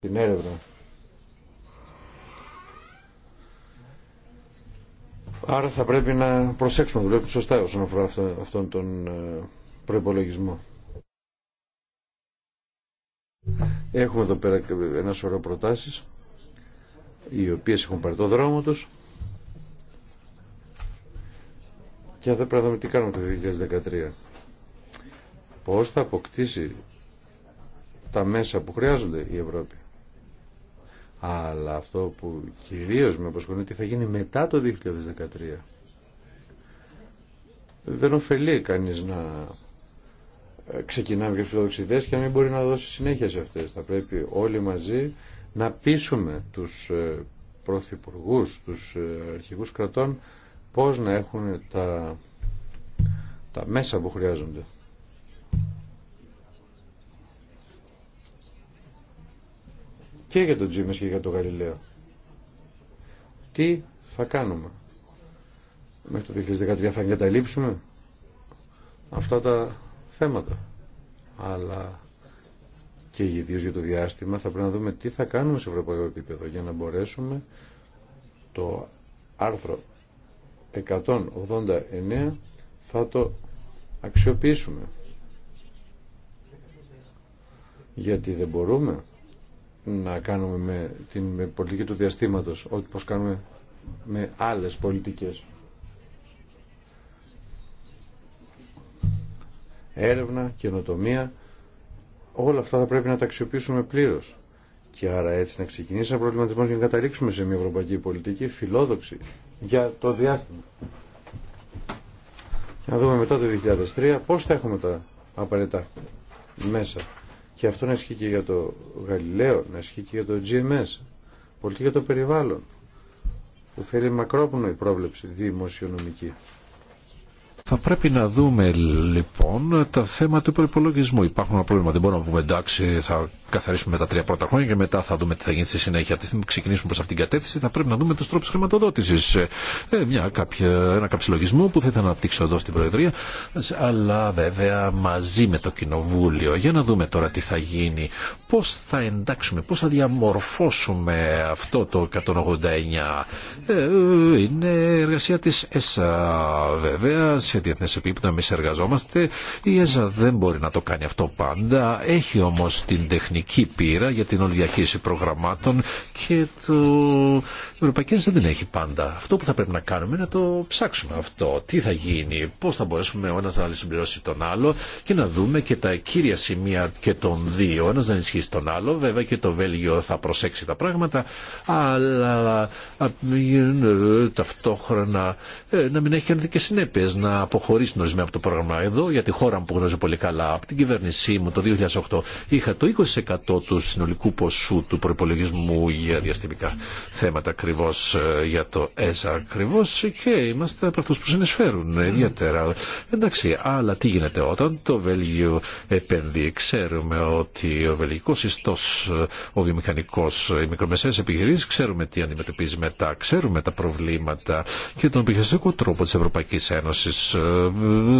την έρευνα. Άρα θα πρέπει να προσέξουμε, δουλεύουμε σωστά όσον αφορά αυτόν τον ε, προϋπολογισμό. Έχουμε εδώ πέρα ένα σωρό προτάσεις, οι οποίες έχουν πάρει το δρόμο τους και θα πρέπει να δούμε τι κάνουμε το 2013. Πώς θα αποκτήσει τα μέσα που χρειάζονται η Ευρώπη. Αλλά αυτό που κυρίως με απασχολεί τι θα γίνει μετά το 2013. Δεν ωφελεί κανείς να ε, ξεκινά με φιλοδοξιδές και να μην μπορεί να δώσει συνέχεια σε αυτές. Θα πρέπει όλοι μαζί να πείσουμε τους ε, πρωθυπουργού, τους ε, αρχηγούς κρατών πώς να έχουν τα μέσα που χρειάζονται. και για τον Τζίμες και για τον Γαλιλαίο. Τι θα κάνουμε. Μέχρι το 2013 θα εγκαταλείψουμε αυτά τα θέματα. Αλλά και ιδίω για το διάστημα θα πρέπει να δούμε τι θα κάνουμε σε ευρωπαϊκό επίπεδο για να μπορέσουμε το άρθρο 189 θα το αξιοποιήσουμε. Γιατί δεν μπορούμε να κάνουμε με την με πολιτική του διαστήματος, ό,τι κάνουμε με άλλες πολιτικές. Έρευνα, καινοτομία, όλα αυτά θα πρέπει να τα αξιοποιήσουμε πλήρως. Και άρα έτσι να ξεκινήσει ένα προβληματισμό για να καταλήξουμε σε μια ευρωπαϊκή πολιτική φιλόδοξη για το διάστημα. Και να δούμε μετά το 2003 πώς θα έχουμε τα απαραίτητα μέσα. Και αυτό να ισχύει και για το Γαλιλαίο, να ισχύει και για το GMS, πολύ για το περιβάλλον, που θέλει η πρόβλεψη δημοσιονομική. Θα πρέπει να δούμε λοιπόν τα θέματα του προπολογισμού. Υπάρχουν ένα πρόβλημα. Δεν μπορούμε να πούμε εντάξει, θα καθαρίσουμε τα τρία πρώτα χρόνια και μετά θα δούμε τι θα γίνει στη συνέχεια. Από τη στιγμή που ξεκινήσουμε προ αυτήν την κατεύθυνση, θα πρέπει να δούμε του τρόπου χρηματοδότηση. Ε, μια, κάποια, ένα καψιλογισμό που θα ήθελα να αναπτύξω εδώ στην Προεδρία, αλλά βέβαια μαζί με το Κοινοβούλιο. Για να δούμε τώρα τι θα γίνει. Πώ θα εντάξουμε, πώ θα διαμορφώσουμε αυτό το 189. Ε, ε, είναι εργασία τη ΕΣΑ βέβαια σε διεθνέ επίπεδο εμεί εργαζόμαστε. Η ΕΖΑ δεν μπορεί να το κάνει αυτό πάντα. Έχει όμω την τεχνική πείρα για την διαχείριση προγραμμάτων και το... η Ευρωπαϊκή Ένωση δεν έχει πάντα. Αυτό που θα πρέπει να κάνουμε είναι να το ψάξουμε αυτό. Τι θα γίνει, πώ θα μπορέσουμε ο ένα να συμπληρώσει τον άλλο και να δούμε και τα κύρια σημεία και των δύο. Ένα να ενισχύσει τον άλλο. Βέβαια και το Βέλγιο θα προσέξει τα πράγματα, αλλά ε, ε, ταυτόχρονα ε, να μην έχει αρνητικέ συνέπειε. Να αποχωρήσει αποχωρήσουν ορισμένα από το πρόγραμμα. Εδώ για τη χώρα μου που γνωρίζω πολύ καλά, από την κυβέρνησή μου το 2008 είχα το 20% του συνολικού ποσού του προπολογισμού για διαστημικά θέματα ακριβώ ε, για το ΕΣΑ ακριβώ και είμαστε από αυτού που συνεισφέρουν ιδιαίτερα. Εντάξει, αλλά τι γίνεται όταν το Βέλγιο επένδυε, Ξέρουμε ότι ο βελγικό ιστό, ο βιομηχανικό, οι μικρομεσαίε επιχειρήσει, ξέρουμε τι αντιμετωπίζει μετά, ξέρουμε τα προβλήματα και τον επιχειρησιακό τρόπο τη Ευρωπαϊκή Ένωση ε,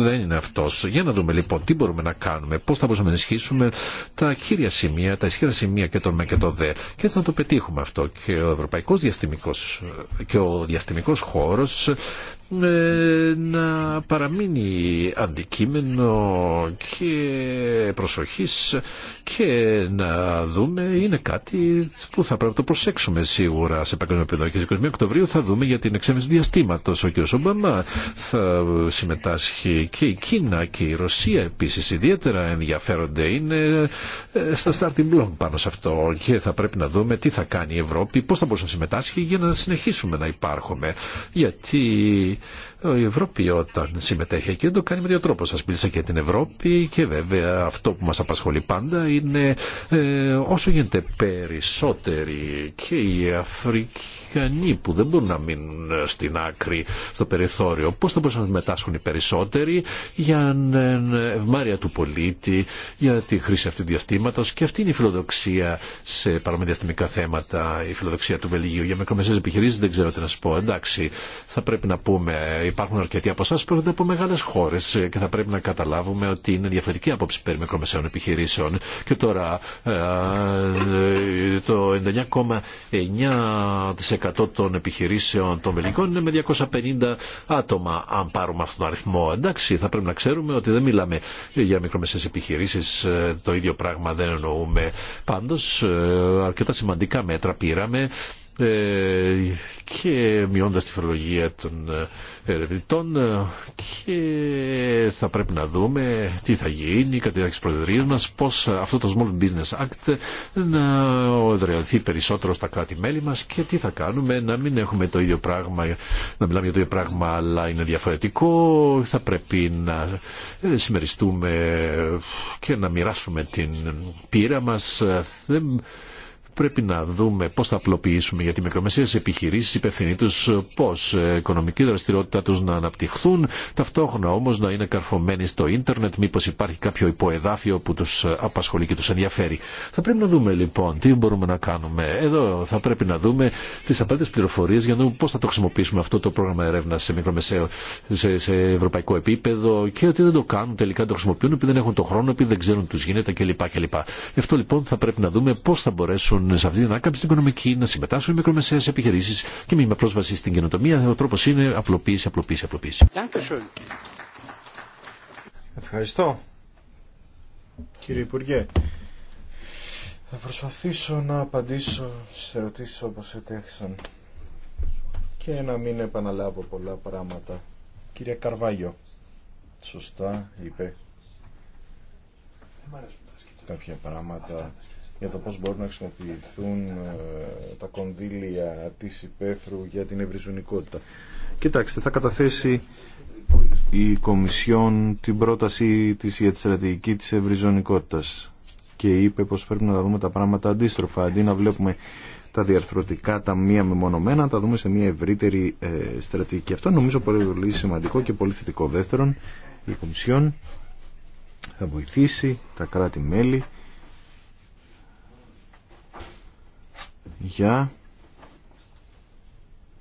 δεν είναι αυτός. Για να δούμε λοιπόν τι μπορούμε να κάνουμε, πώς θα μπορούσαμε να ενισχύσουμε τα κύρια σημεία, τα ισχυρά σημεία και το με και το δε. Και έτσι να το πετύχουμε αυτό. Και ο Ευρωπαϊκός Διαστημικός ε, και ο διαστημικός χώρος να παραμείνει αντικείμενο και προσοχής και να δούμε είναι κάτι που θα πρέπει να το προσέξουμε σίγουρα σε παγκόσμιο επίπεδο. Και στις 21 Οκτωβρίου θα δούμε για την εξέμβαση του διαστήματος. Ο κ. Ομπαμά θα συμμετάσχει και η Κίνα και η Ρωσία επίσης ιδιαίτερα ενδιαφέρονται. Είναι ε, στα starting block πάνω σε αυτό και θα πρέπει να δούμε τι θα κάνει η Ευρώπη, πώς θα μπορούσε να συμμετάσχει για να συνεχίσουμε να υπάρχουμε. Γιατί η Ευρώπη όταν συμμετέχει εκεί το κάνει με δύο τρόπο. Σας μίλησα και την Ευρώπη και βέβαια αυτό που μας απασχολεί πάντα είναι ε, όσο γίνεται περισσότεροι και η Αφρική μηχανή που δεν μπορούν να μείνουν ε, στην άκρη, στο περιθώριο. Πώς θα μπορούσαν να μετάσχουν οι περισσότεροι για ευμάρεια του πολίτη, για τη χρήση αυτού του διαστήματος και αυτή είναι η φιλοδοξία σε παραμεδιαστημικά θέματα, η φιλοδοξία του Βελγίου. Για μικρομεσαίε επιχειρήσεις δεν ξέρω τι να σας πω. Εντάξει, θα πρέπει να πούμε, υπάρχουν αρκετοί από εσά που έρχονται από μεγάλες χώρες ε, και θα πρέπει να καταλάβουμε ότι είναι διαφορετική άποψη περί μικρομεσαίων επιχειρήσεων. Και τώρα ε, το 99,9% 10% των επιχειρήσεων των βελγικών είναι με 250 άτομα, αν πάρουμε αυτόν τον αριθμό. Εντάξει, θα πρέπει να ξέρουμε ότι δεν μιλάμε για μικρομεσαίες επιχειρήσεις, ε, το ίδιο πράγμα δεν εννοούμε. Πάντως, ε, αρκετά σημαντικά μέτρα πήραμε ε, και μειώντας τη φορολογία των ε, ερευνητών ε, και θα πρέπει να δούμε τι θα γίνει κατά τη διάρκεια προεδρίας μας, πώς αυτό το Small Business Act να οδρεωθεί περισσότερο στα κράτη-μέλη μας και τι θα κάνουμε να μην έχουμε το ίδιο πράγμα, να μιλάμε για το ίδιο πράγμα αλλά είναι διαφορετικό, θα πρέπει να συμμεριστούμε και να μοιράσουμε την πείρα μας. Πρέπει να δούμε πώς θα απλοποιήσουμε για τη επιχειρήσει επιχειρήσεις, υπευθυνοί τους, πώς οικονομική δραστηριότητά τους να αναπτυχθούν, ταυτόχρονα όμως να είναι καρφωμένοι στο ίντερνετ, μήπως υπάρχει κάποιο υποεδάφιο που τους απασχολεί και τους ενδιαφέρει. Θα πρέπει να δούμε λοιπόν τι μπορούμε να κάνουμε. Εδώ θα πρέπει να δούμε τις απαραίτητες πληροφορίες για να δούμε πώς θα το χρησιμοποιήσουμε αυτό το πρόγραμμα έρευνα σε μικρομεσαίο, σε, σε ευρωπαϊκό επίπεδο και ότι δεν το κάνουν τελικά, το χρησιμοποιούν επειδή δεν έχουν τον χρόνο, επειδή δεν ξέρουν γίνεται κλπ. Γι' αυτό λοιπόν θα πρέπει να δούμε πώς θα μπορέσουν συμμετέχουν λοιπόν σε αυτή την ανάκαμψη την οικονομική, να συμμετάσχουν οι μικρομεσαίε επιχειρήσει και με πρόσβαση στην καινοτομία. Ο τρόπο είναι απλοποίηση, απλοποίηση, απλοποίηση. Ευχαριστώ. Κύριε Υπουργέ, θα προσπαθήσω να απαντήσω στι ερωτήσει όπως ετέθησαν και να μην επαναλάβω πολλά πράγματα. Κύριε Καρβάγιο, σωστά είπε κάποια πράγματα για το πώς μπορούν να χρησιμοποιηθούν ε, τα κονδύλια της υπαίθρου για την ευρυζωνικότητα. Κοιτάξτε, θα καταθέσει η Κομισιόν την πρόταση της για τη στρατηγική της ευρυζωνικότητας και είπε πως πρέπει να τα δούμε τα πράγματα αντίστροφα. Αντί να βλέπουμε τα διαρθρωτικά, τα μία μεμονωμένα, τα δούμε σε μια ευρύτερη ε, στρατηγική. Αυτό νομίζω πολύ σημαντικό και πολύ θετικό. Δεύτερον, η Κομισιόν θα βοηθήσει τα κράτη-μέλη για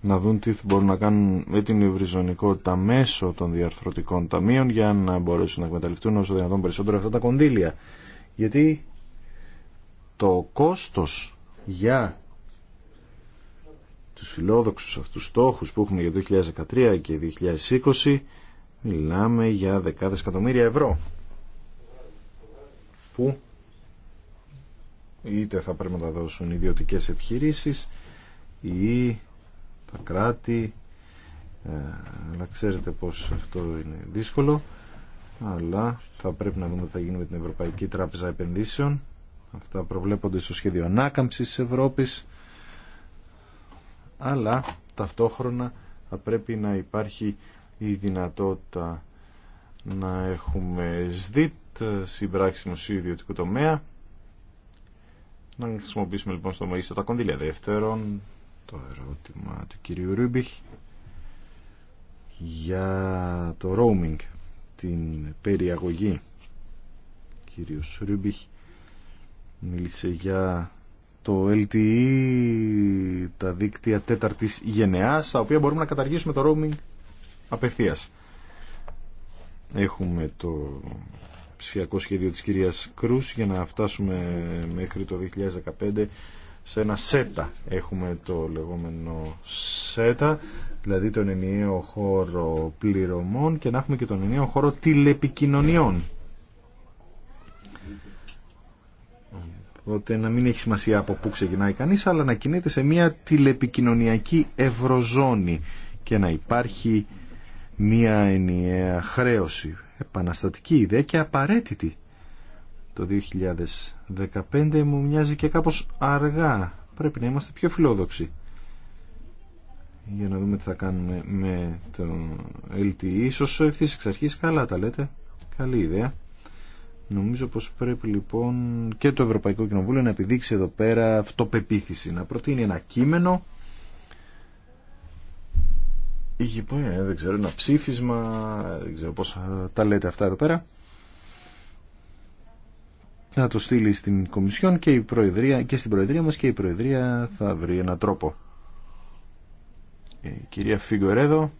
να δουν τι μπορούν να κάνουν με την υβριζονικότητα μέσω των διαρθρωτικών ταμείων για να μπορέσουν να εκμεταλλευτούν όσο δυνατόν περισσότερο αυτά τα κονδύλια. Γιατί το κόστος για τους φιλόδοξους αυτούς στόχους που έχουμε για 2013 και 2020 μιλάμε για δεκάδες εκατομμύρια ευρώ που είτε θα πρέπει να τα δώσουν ιδιωτικές επιχειρήσεις ή τα κράτη ε, αλλά ξέρετε πως αυτό είναι δύσκολο αλλά θα πρέπει να δούμε τι θα γίνει με την Ευρωπαϊκή Τράπεζα Επενδύσεων αυτά προβλέπονται στο σχέδιο ανάκαμψης της Ευρώπης αλλά ταυτόχρονα θα πρέπει να υπάρχει η δυνατότητα να έχουμε ΣΔΙΤ σε ιδιωτικό τομέα να χρησιμοποιήσουμε λοιπόν στο μαγίστο τα κονδύλια δεύτερον το ερώτημα του κυρίου Ρούμπιχ για το roaming, την περιαγωγή. Ο κύριος Ρούμπιχ μίλησε για το LTE, τα δίκτυα τέταρτης γενεάς, τα οποία μπορούμε να καταργήσουμε το roaming απευθείας. Έχουμε το ψηφιακό σχέδιο της κυρίας Κρούς για να φτάσουμε μέχρι το 2015 σε ένα ΣΕΤΑ. Έχουμε το λεγόμενο ΣΕΤΑ, δηλαδή τον ενιαίο χώρο πληρωμών και να έχουμε και τον ενιαίο χώρο τηλεπικοινωνιών. Οπότε να μην έχει σημασία από πού ξεκινάει κανείς, αλλά να κινείται σε μια τηλεπικοινωνιακή ευρωζώνη και να υπάρχει μια ενιαία χρέωση επαναστατική ιδέα και απαραίτητη. Το 2015 μου μοιάζει και κάπως αργά. Πρέπει να είμαστε πιο φιλόδοξοι. Για να δούμε τι θα κάνουμε με το LTE. Ίσως ευθύς εξ αρχής καλά τα λέτε. Καλή ιδέα. Νομίζω πως πρέπει λοιπόν και το Ευρωπαϊκό Κοινοβούλιο να επιδείξει εδώ πέρα αυτοπεποίθηση. Να προτείνει ένα κείμενο πει, ε, δεν ξέρω, ένα ψήφισμα, δεν ξέρω πώς ε, τα λέτε αυτά εδώ πέρα. Να το στείλει στην Κομισιόν και, η Προεδρία, και στην Προεδρία μας και η Προεδρία θα βρει έναν τρόπο. Ε, η κυρία Φιγκορέδο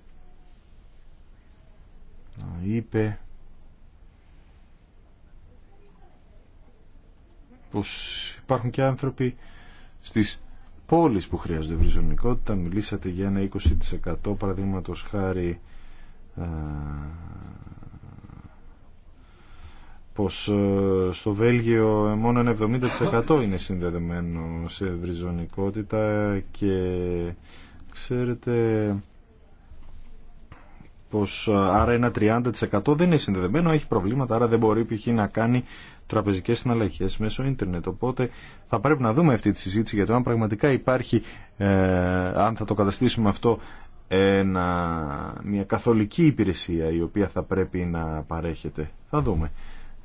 είπε πως υπάρχουν και άνθρωποι στις πόλεις που χρειάζονται ευρυζωνικότητα. Μιλήσατε για ένα 20% παραδείγματο χάρη ε, πως ε, στο Βέλγιο ε, μόνο ένα 70% είναι συνδεδεμένο σε ευρυζωνικότητα και ξέρετε πως άρα ένα 30% δεν είναι συνδεδεμένο, έχει προβλήματα, άρα δεν μπορεί π.χ. να κάνει τραπεζικές συναλλαγέ μέσω ίντερνετ. Οπότε θα πρέπει να δούμε αυτή τη συζήτηση για το αν πραγματικά υπάρχει, ε, αν θα το καταστήσουμε αυτό μια καθολική υπηρεσία η οποία θα πρέπει να παρέχεται. Θα δούμε.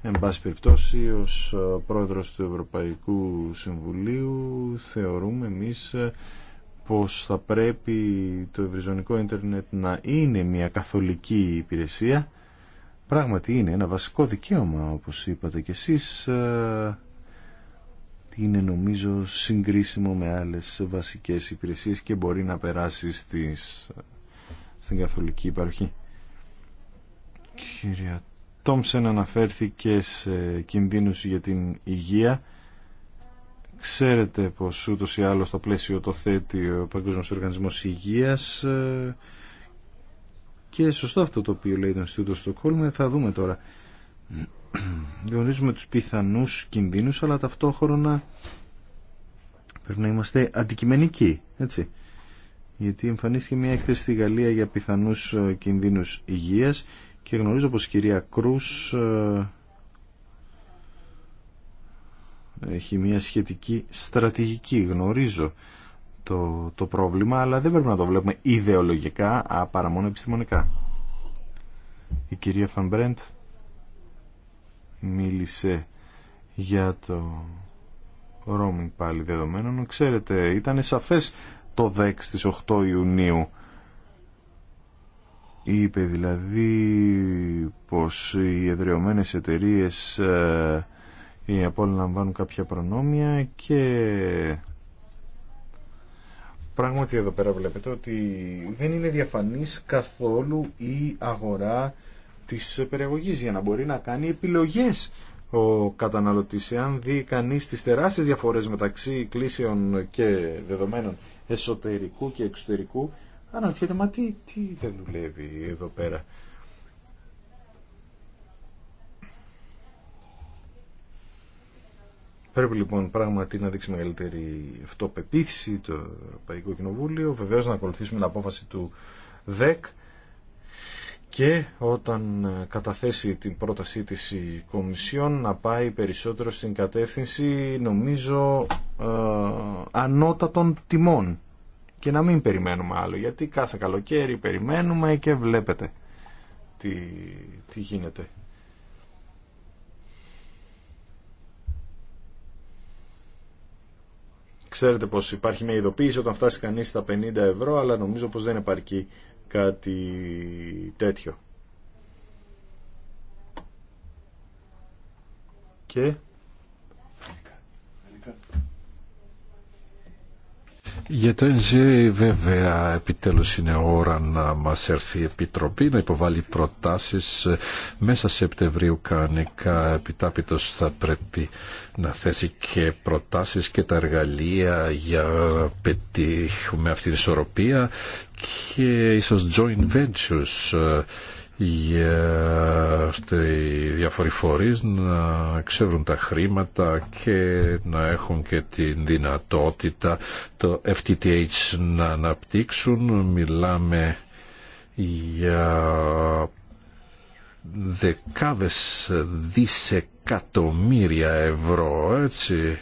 Εν πάση περιπτώσει, ως ε, πρόεδρος του Ευρωπαϊκού Συμβουλίου θεωρούμε εμείς ε, πως θα πρέπει το ευρυζωνικό ίντερνετ να είναι μια καθολική υπηρεσία Πράγματι είναι ένα βασικό δικαίωμα, όπως είπατε κι εσείς, ε, είναι νομίζω συγκρίσιμο με άλλες βασικές υπηρεσίες και μπορεί να περάσει στις, στην καθολική υπαρχή. Κυρία Τόμψεν αναφέρθηκε σε κινδύνους για την υγεία. Ξέρετε πως ούτως ή άλλως το πλαίσιο το θέτει ο Παγκόσμιος Οργανισμός Υγείας ε, και σωστό αυτό το οποίο λέει το Ινστιτούτο Στοκχόλμη, ε, θα δούμε τώρα. Γνωρίζουμε τους πιθανούς κινδύνους, αλλά ταυτόχρονα πρέπει να είμαστε αντικειμενικοί, έτσι. Γιατί εμφανίστηκε μια έκθεση στη Γαλλία για πιθανούς ε, κινδύνους υγείας και γνωρίζω πως η κυρία Κρούς ε, έχει μια σχετική στρατηγική, γνωρίζω το, το πρόβλημα, αλλά δεν πρέπει να το βλέπουμε ιδεολογικά, α, παρά μόνο επιστημονικά. Η κυρία Φανμπρέντ μίλησε για το roaming πάλι δεδομένων. Ξέρετε, ήταν σαφές το 10 στις 8 Ιουνίου. Είπε δηλαδή πως οι εδρεωμένες εταιρείες ε, οι απόλυτα λαμβάνουν κάποια προνόμια και Πράγματι εδώ πέρα βλέπετε ότι δεν είναι διαφανής καθόλου η αγορά της περιεγωγής για να μπορεί να κάνει επιλογές ο καταναλωτής. Εάν δει κανείς τις τεράστιες διαφορές μεταξύ κλήσεων και δεδομένων εσωτερικού και εξωτερικού αναρωτιέται μα τι δεν δουλεύει εδώ πέρα. Πρέπει λοιπόν πράγματι να δείξει μεγαλύτερη αυτοπεποίθηση το Ευρωπαϊκό Κοινοβούλιο, Βεβαίω να ακολουθήσουμε την απόφαση του ΔΕΚ και όταν καταθέσει την πρότασή της η Κομισιόν να πάει περισσότερο στην κατεύθυνση νομίζω ε, ανώτατων τιμών και να μην περιμένουμε άλλο γιατί κάθε καλοκαίρι περιμένουμε και βλέπετε τι, τι γίνεται. Ξέρετε πως υπάρχει μια ειδοποίηση όταν φτάσει κανείς στα 50 ευρώ, αλλά νομίζω πως δεν επαρκεί κάτι τέτοιο. Και Για το ΕΝΖΕ βέβαια επιτέλους είναι ώρα να μας έρθει η Επιτροπή να υποβάλει προτάσεις μέσα σε Επτεμβρίου κανονικά επιτάπητος θα πρέπει να θέσει και προτάσεις και τα εργαλεία για να πετύχουμε αυτή την ισορροπία και ίσως joint ventures για ώστε οι διάφοροι φορείς να ξεύρουν τα χρήματα και να έχουν και την δυνατότητα το FTTH να αναπτύξουν. Μιλάμε για δεκάδες δισεκατομμύρια ευρώ, έτσι.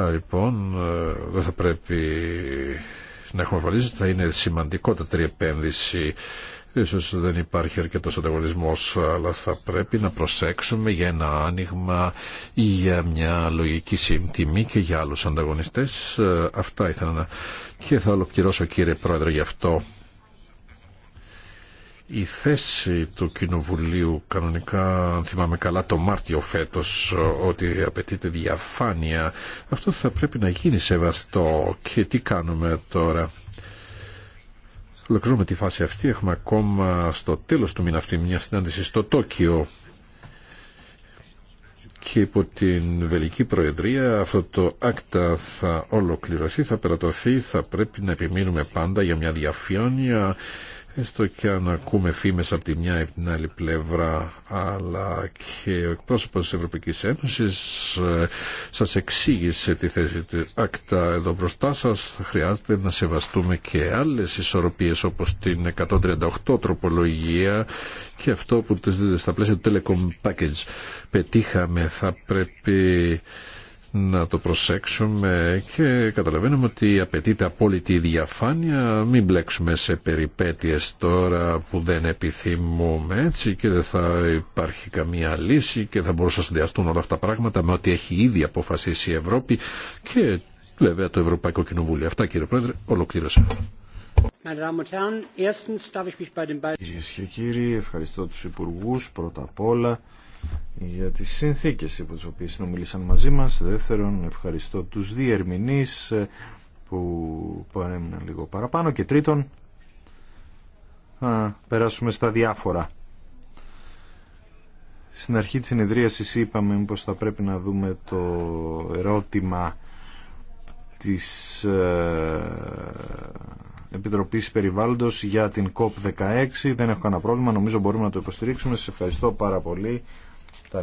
Α, λοιπόν, ε, δεν θα πρέπει να έχουμε βαλίσει, θα είναι σημαντικότατη επένδυση Ίσως δεν υπάρχει αρκετός ανταγωνισμός, αλλά θα πρέπει να προσέξουμε για ένα άνοιγμα ή για μια λογική συμτιμή και για άλλους ανταγωνιστές. Ε, αυτά ήθελα να... Και θα ολοκληρώσω κύριε Πρόεδρε γι' αυτό. Η θέση του Κοινοβουλίου κανονικά, αν θυμάμαι καλά, το Μάρτιο φέτος ε, ότι απαιτείται διαφάνεια. Αυτό θα πρέπει να γίνει σεβαστό. Και τι κάνουμε τώρα. Ολοκληρώνουμε τη φάση αυτή. Έχουμε ακόμα στο τέλος του μήνα αυτή μια συνάντηση στο Τόκιο και υπό την Βελική Προεδρία αυτό το άκτα θα ολοκληρωθεί, θα περατωθεί, θα πρέπει να επιμείνουμε πάντα για μια διαφιόνια Έστω και αν ακούμε φήμες από τη μια ή την άλλη πλευρά, αλλά και ο εκπρόσωπος της Ευρωπαϊκής Ένωσης ε, σας εξήγησε τη θέση του ΑΚΤΑ εδώ μπροστά σας. Χρειάζεται να σεβαστούμε και άλλες ισορροπίες όπως την 138 τροπολογία και αυτό που τη δίδεται στα πλαίσια του Telecom Package. Πετύχαμε, θα πρέπει να το προσέξουμε και καταλαβαίνουμε ότι απαιτείται απόλυτη διαφάνεια. Μην μπλέξουμε σε περιπέτειες τώρα που δεν επιθυμούμε έτσι και δεν θα υπάρχει καμία λύση και θα μπορούσαν να συνδυαστούν όλα αυτά τα πράγματα με ό,τι έχει ήδη αποφασίσει η Ευρώπη και βέβαια το Ευρωπαϊκό Κοινοβούλιο. Αυτά κύριε Πρόεδρε, ολοκλήρωσα. Κυρίε και κύριοι, ευχαριστώ τους Υπουργούς πρώτα απ' όλα για τις συνθήκες υπό τις οποίες συνομιλήσαν μαζί μας. Δεύτερον, ευχαριστώ τους διερμηνείς ε, που παρέμειναν λίγο παραπάνω. Και τρίτον, θα περάσουμε στα διάφορα. Στην αρχή της συνεδρίασης είπαμε πως θα πρέπει να δούμε το ερώτημα της ε, Επιτροπής Περιβάλλοντος για την COP16. Δεν έχω κανένα πρόβλημα, νομίζω μπορούμε να το υποστηρίξουμε. Σας ευχαριστώ πάρα πολύ τα